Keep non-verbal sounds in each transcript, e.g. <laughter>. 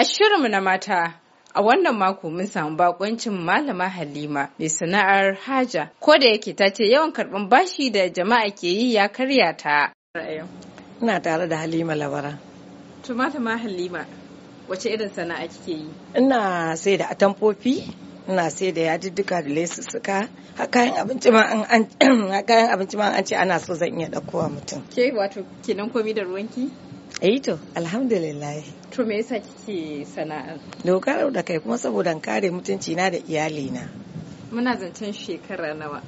A shirinmu na mata a wannan mako mun samu bakoncin malama Halima mai sana'ar haja ko da yake ta ce yawan karɓar bashi da jama'a ke yi ya karya ta. Ina tare da Halima Labara. To malama Halima wace irin sana'a kike yi? Ina sai da atamfofi ina sai da yadiddika da lesussuka a kayan abinci ma <clears throat> an ce ana so zan iya ɗaukowa mutum. Ke wato kenan komi da ruwanki? eh to alhamdulillah to me yasa kike sana'a dokar da kai kuma saboda kare mutunci na da iyali na muna zancen shekara nawa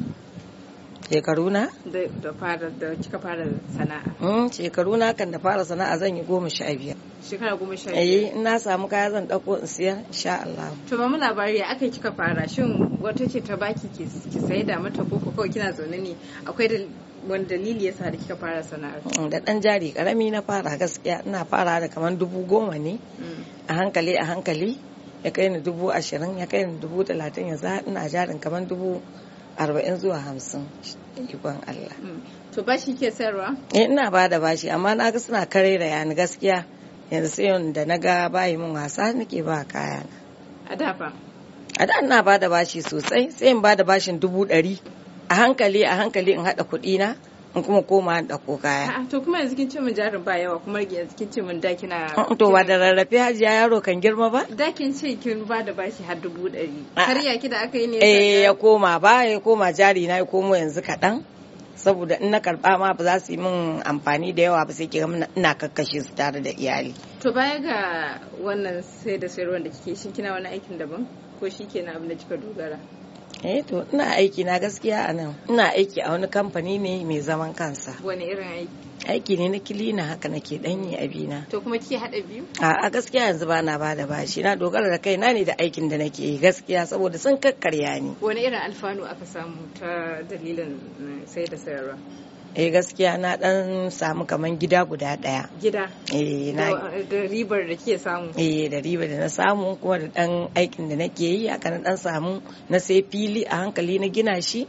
shekaru na da fara da kika fara sana'a mm shekaru na kan da fara sana'a zan yi goma sha biyar shekara goma sha eh, biyar eh na samu kaya zan dauko in siyar insha Allah to ba mu labari aka kika fara shin wata ce ta baki ki sai da mata ko kawai kina zaune ne akwai wani dalili yasa da kika fara sana'ar mm, da dan jari karami na fara gaskiya ina fara da kamar dubu goma ne mm. a hankali a hankali ya kai ni dubu ashirin ya kai ni dubu talatin yanzu ina jarin kamar dubu arba'in zuwa hamsin ikon Allah. Mm. To bashi ke sayarwa? Eh ina ba da bashi amma na ga suna kare da yani gaskiya yanzu sai da na ga bayi min wasa nake ba kaya na. A da fa? A da ina ba da bashi sosai sai in ba da bashin dubu ɗari. a hankali a hankali in haɗa kuɗi na in kuma koma da ko kaya. To kuma yanzu kin ce min jarin ba yawa kuma yanzu kin ce min da kina. Ah, to ba da rarrafe hajiya yaro kan girma ba? Da kin ce kin ba da bashi har dubu ɗari. har ki da aka yi ne. Eh ya koma ba ya koma jari na ya komo yanzu kaɗan. saboda in na karba ma ba za su yi min amfani da yawa ba sai gama ina kakkashe su tare da iyali. To baya ga wannan sai da sayarwa da kike shi kina wani aikin daban ko shi kenan abin da kika dogara? eh to ina aiki na gaskiya a nan ina aiki a wani kamfani ne mai zaman kansa wani irin aiki aiki ne na kilina haka nake dan a abina to kuma kike hada biyu a'a gaskiya yanzu ba na bada bashi na dogara da kai na ne da aikin da nake yi gaskiya saboda sun kakkarya ni wani irin alfanu aka samu ta dalilin eh, sai da sayarwa eh gaskiya na dan samu kaman gida guda daya gida eh na eh, da ribar da ke samu eh da ribar da na samu kuma da dan aikin da nake yi aka na dan samu na sai fili a hankali na gina shi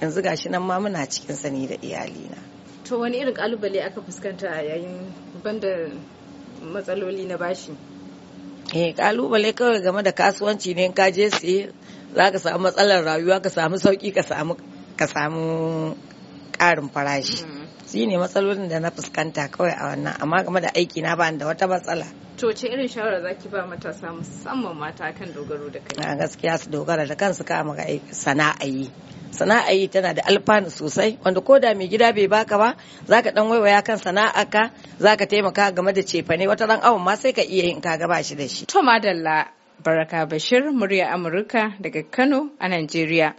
yanzu gashi nan ma muna cikin sani da iyali na. to wani irin kalubale aka fuskanta a yayin banda matsaloli na bashi eh kalubale kawai game da kasuwanci ne ka je sai za ka samu matsalar rayuwa ka samu sauki ka samu ka samu ƙarin farashi mm-hmm. shi ne matsalolin da na fuskanta kawai a wannan amma game da aiki na da wata matsala to ce irin shawara za ki ba matasa musamman mata kan dogaro da kai gaskiya su dogara da kansu kama ga sana'a yi sana'a yi tana da alfanu sosai wanda ko da mai gida bai baka ba zaka dan waiwaya kan sana'a ka zaka taimaka game da cefane wata ran awon ma sai ka iya yin ka gaba shi da shi to madalla baraka bashir murya amurka daga kano a najeriya